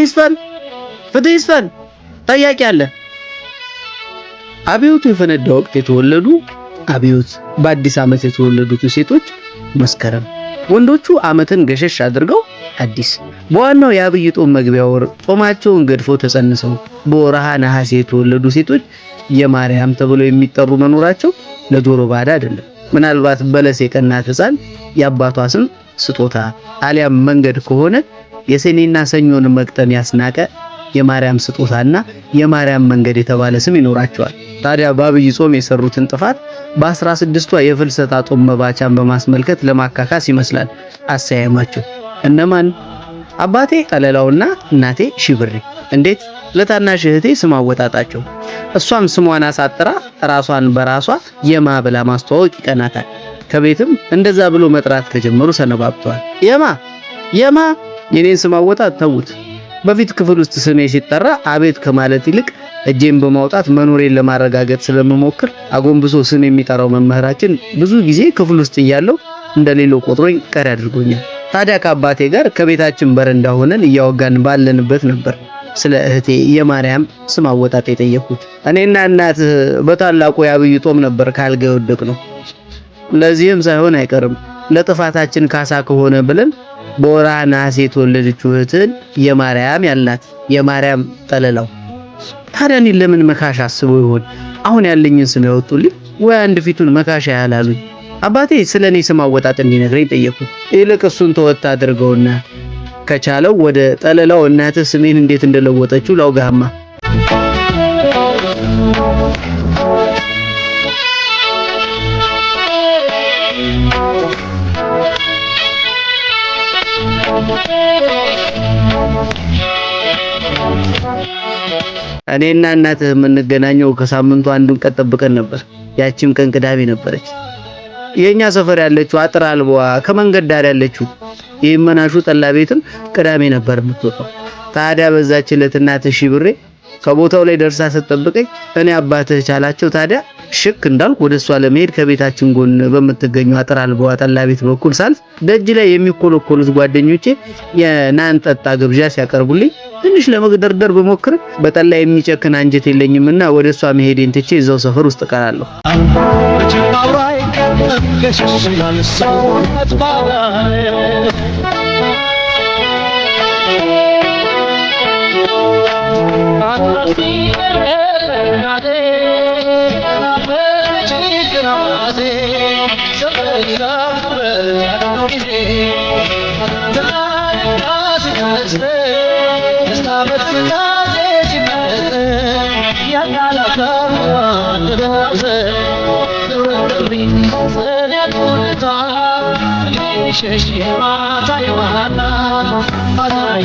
ፍትህ ይስፈን፣ ፍትህ ይስፈን። ጠያቂ አለ። አብዮቱ የፈነዳ ወቅት የተወለዱ አብዮት በአዲስ ዓመት የተወለዱት ሴቶች መስከረም፣ ወንዶቹ ዓመትን ገሸሽ አድርገው አዲስ በዋናው የአብይ ጦም መግቢያ ወር ጾማቸውን ገድፎ ተጸንሰው በወርሃ ነሐሴ የተወለዱ ሴቶች የማርያም ተብለው የሚጠሩ መኖራቸው ለጆሮ ባዳ አይደለም። ምናልባት በለስ የቀናት ሕፃን የአባቷ ስም ስጦታ አሊያም መንገድ ከሆነ የሰኔና ሰኞን መቅጠም ያስናቀ የማርያም ስጦታና የማርያም መንገድ የተባለ ስም ይኖራቸዋል። ታዲያ በአብይ ጾም የሰሩትን ጥፋት በ16ቷ የፍልሰታ ጾም መባቻን በማስመልከት ለማካካስ ይመስላል አሰያየማቸው። እነማን? አባቴ ጠለላውና እናቴ ሽብሬ እንዴት ለታናሽ እህቴ ስም አወጣጣቸው። እሷም ስሟን አሳጥራ ራሷን በራሷ የማ ብላ ማስተዋወቅ ይቀናታል። ከቤትም እንደዛ ብሎ መጥራት ከጀመሩ ሰነባብተዋል። የማ የማ የኔን ስም አወጣት ተዉት። በፊት ክፍል ውስጥ ስሜ ሲጠራ አቤት ከማለት ይልቅ እጄን በማውጣት መኖሬን ለማረጋገጥ ስለምሞክር አጎንብሶ ስም የሚጠራው መምህራችን ብዙ ጊዜ ክፍል ውስጥ እያለው እንደሌለው ቆጥሮኝ ቀሪ አድርጎኛል። ታዲያ ከአባቴ ጋር ከቤታችን በረንዳ ሆነን እያወጋን ባለንበት ነበር ስለ እህቴ የማርያም ስም አወጣጥ የጠየኩት። እኔና እናት በታላቁ የአብይ ጦም ነበር ካልጋ የወደቅ ነው። ለዚህም ሳይሆን አይቀርም ለጥፋታችን ካሳ ከሆነ ብለን በወርሃ ነሐሴ የተወለደችው እህትህን የማርያም ያልናት የማርያም ጠለላው። ታዲያ ለምን መካሽ አስበው ይሆን? አሁን ያለኝን ስም ያወጡልኝ ወይ አንድ ፊቱን መካሻ ያህል አባቴ ስለ እኔ ስም አወጣጥ እንዲነግረኝ ጠየቁ። ይልቅ እሱን ተወት አድርገውና ከቻለው ወደ ጠለላው እናትህ ስሜን እንዴት እንደለወጠችው ላውጋህማ እኔና እናት የምንገናኘው ከሳምንቱ አንዱን ቀን ጠብቀን ነበር። ያቺም ቀን ቅዳሜ ነበረች። የኛ ሰፈር ያለችው አጥር አልቧ ከመንገድ ዳር ያለችው የመናሹ ጠላ ቤትም ቅዳሜ ነበር የምትወጣው። ታዲያ በዛች ዕለት እናት ሺህ ብሬ ከቦታው ላይ ደርሳ ስትጠብቀኝ እኔ አባትህ ቻላቸው ታዲያ ሽክ እንዳልኩ ወደ እሷ ለመሄድ ከቤታችን ጎን በምትገኘው አጥር አልበዋ ጠላ ቤት በኩል ሳልፍ ደጅ ላይ የሚኮለኮሉት ጓደኞቼ የናን ጠጣ ግብዣ ሲያቀርቡልኝ ትንሽ ለመግደርደር ብሞክር በጠላ የሚጨክን አንጀት የለኝምና ወደ እሷ መሄዴን ትቼ እዛው ሰፈር ውስጥ ቀራለሁ። ሕይወቴ ሰበኝ ባፈራሁ ጊዜ ትናንትና ስገልጽ ደስታ በትካዜ ሲመለጥ ያላላካዋ እንደደረሰ ዘወረብኝ ሸሽ ማታ የማና አዛኝ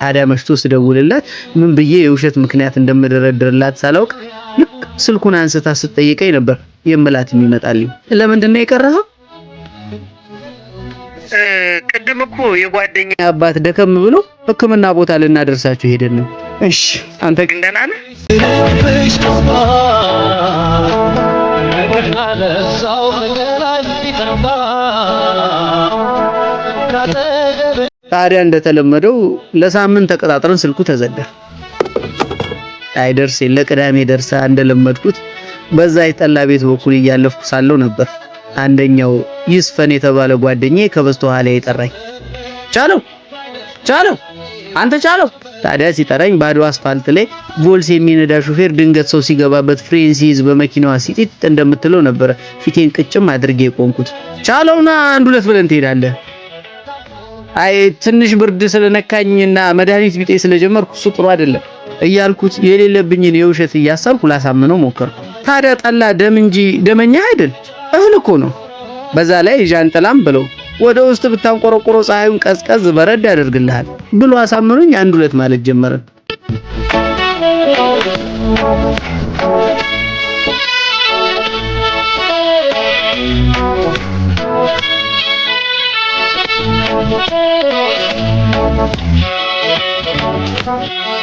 ታዲያ መሽቶ ስደውልላት ምን ብዬ የውሸት ምክንያት እንደምደረድርላት ሳላውቅ ልክ ስልኩን አንስታ ስትጠይቀኝ ነበር የምላት የሚመጣልኝ። ለምንድን ነው የቀረኸው? ቅድም እኮ የጓደኛ አባት ደከም ብሎ ሕክምና ቦታ ልናደርሳችሁ ሄደን ነው። እሺ አንተ ግን ደህና ነህ? ታዲያ እንደተለመደው ለሳምንት ተቀጣጥረን ስልኩ ተዘጋ። አይደርስ የለ ቅዳሜ ደርሳ እንደለመድኩት በዛ የጠላ ቤት በኩል እያለፍኩ ሳለው ነበር አንደኛው ይስፈን የተባለ ጓደኛዬ ከበስተኋላ የጠራኝ ቻለው ቻለው አንተ ቻለው ታዲያ ሲጠራኝ ባዶ አስፋልት ላይ ቮልስ የሚነዳ ሹፌር ድንገት ሰው ሲገባበት ፍሬን ሲይዝ በመኪናዋ ሲጢጥ እንደምትለው ነበረ ፊቴን ቅጭም አድርጌ የቆምኩት። ቻለውና አንድ ሁለት ብለን ትሄዳለህ። አይ ትንሽ ብርድ ስለነካኝና መድኃኒት ቢጤ ስለጀመርኩ እሱ ጥሩ አይደለም እያልኩት የሌለብኝን የውሸት እያሰብኩ ላሳምነው ሞከርኩ። ታዲያ ጠላ ደም እንጂ ደመኛ አይደል? እህል እኮ ነው። በዛ ላይ ዣንጥላም ብለው ወደ ውስጥ ብታንቆረቆሮ ፀሐዩን ቀዝቀዝ በረድ ያደርግልሃል ብሎ አሳምኑኝ አንድ ሁለት ማለት ጀመርን። Thank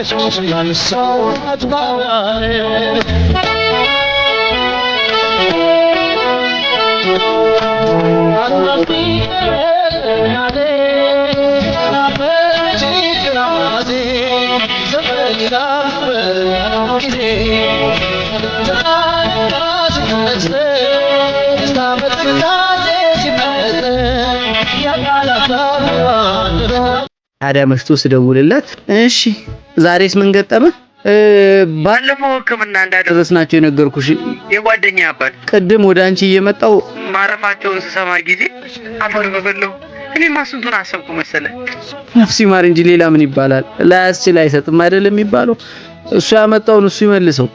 ጊዜ ታዲያ መሽቶ ስደውልላት እሺ ዛሬስ ምን ገጠመ? ባለፈው ሕክምና እንዳደረስናቸው የነገርኩሽ የጓደኛ አባት ቅድም ወደ አንቺ እየመጣው ማረፋቸውን ስሰማ ጊዜ አፈር በበለው። እኔ ስንቱን አሰብኩ መሰለ። ነፍሲ ማር እንጂ ሌላ ምን ይባላል? ላያስችል አይሰጥም አይደለም የሚባለው። እሱ ያመጣውን እሱ ይመልሰው።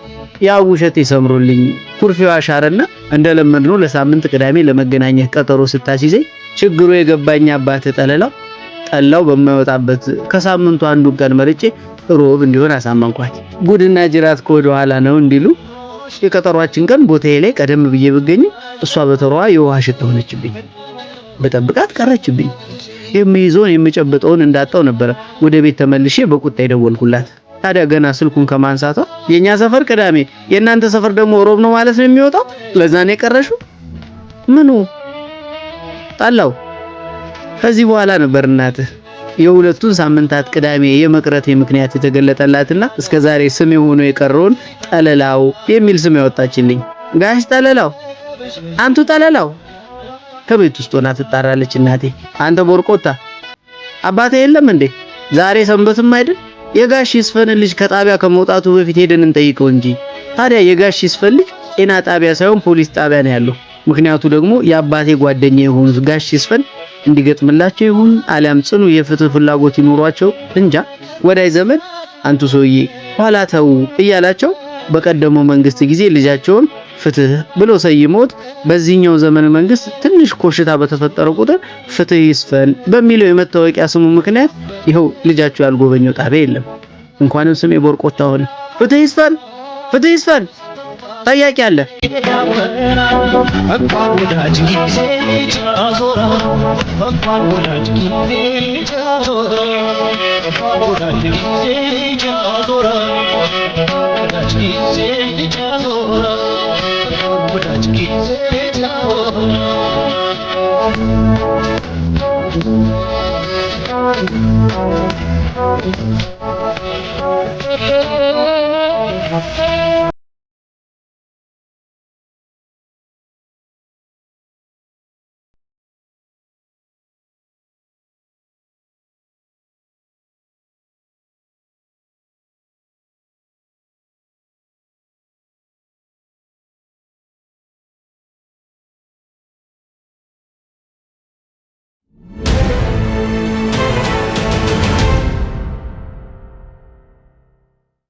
ያ ውሸት ይሰምሩልኝ። ኩርፊዋ አሻረና እንደለመድነው ለሳምንት ቅዳሜ ለመገናኘት ቀጠሮ ስታስይዘኝ ችግሩ የገባኝ አባት ጠለላው ጠላው በማይወጣበት ከሳምንቱ አንዱ ቀን መርጬ ሮብ እንዲሆን አሳመንኳት። ጉድና ጅራት ከወደ ኋላ ነው እንዲሉ የቀጠሯችን ቀን ቦታዬ ላይ ቀደም ብዬ ብገኝ እሷ በተሯ የውሃ ሽታ ሆነችብኝ። በጠብቃት ቀረችብኝ። የሚይዘውን የሚጨብጠውን እንዳጣው ነበረ። ወደ ቤት ተመልሼ በቁጣ ደወልኩላት። ታዲያ ገና ስልኩን ከማንሳቷ የኛ ሰፈር ቅዳሜ የእናንተ ሰፈር ደግሞ ሮብ ነው ማለት ነው የሚወጣው። ለዛ ነው የቀረሽው? ምኑ ጣላው ከዚህ በኋላ ነበር እናትህ የሁለቱን ሳምንታት ቅዳሜ የመቅረቴ ምክንያት የተገለጠላትና እስከዛሬ ስም ሆኖ የቀረውን ጠለላው የሚል ስም ያወጣችልኝ። ጋሽ ጠለላው፣ አንቱ ጠለላው ከቤት ውስጥ ሆና ትጣራለች። እናቴ አንተ ቦርቆታ አባቴ የለም እንዴ? ዛሬ ሰንበትም አይደል? የጋሽ ይስፈን ልጅ ከጣቢያ ከመውጣቱ በፊት ሄደን እንጠይቀው እንጂ። ታዲያ የጋሽ ይስፈን ልጅ ጤና ጣቢያ ሳይሆን ፖሊስ ጣቢያ ነው ያለው። ምክንያቱ ደግሞ የአባቴ ጓደኛ የሆኑት ጋሽ ይስፈን እንዲገጥምላቸው ይሁን አሊያም ጽኑ የፍትህ ፍላጎት ይኖሯቸው እንጃ። ወዳይ ዘመድ አንቱ ሰውዬ ኋላ ተው እያላቸው በቀደመው መንግስት ጊዜ ልጃቸውን ፍትህ ብሎ ሰይሞት በዚህኛው ዘመን መንግስት ትንሽ ኮሽታ በተፈጠረ ቁጥር ፍትህ ይስፈን በሚለው የመታወቂያ ስሙ ምክንያት ይኸው ልጃቸው ያልጎበኘው ጣቢያ የለም። እንኳንም ስሜ ቦርቆታ ሆነ። ፍትህ ይስፈን፣ ፍትህ ይስፈን። ጥያቄ አለ።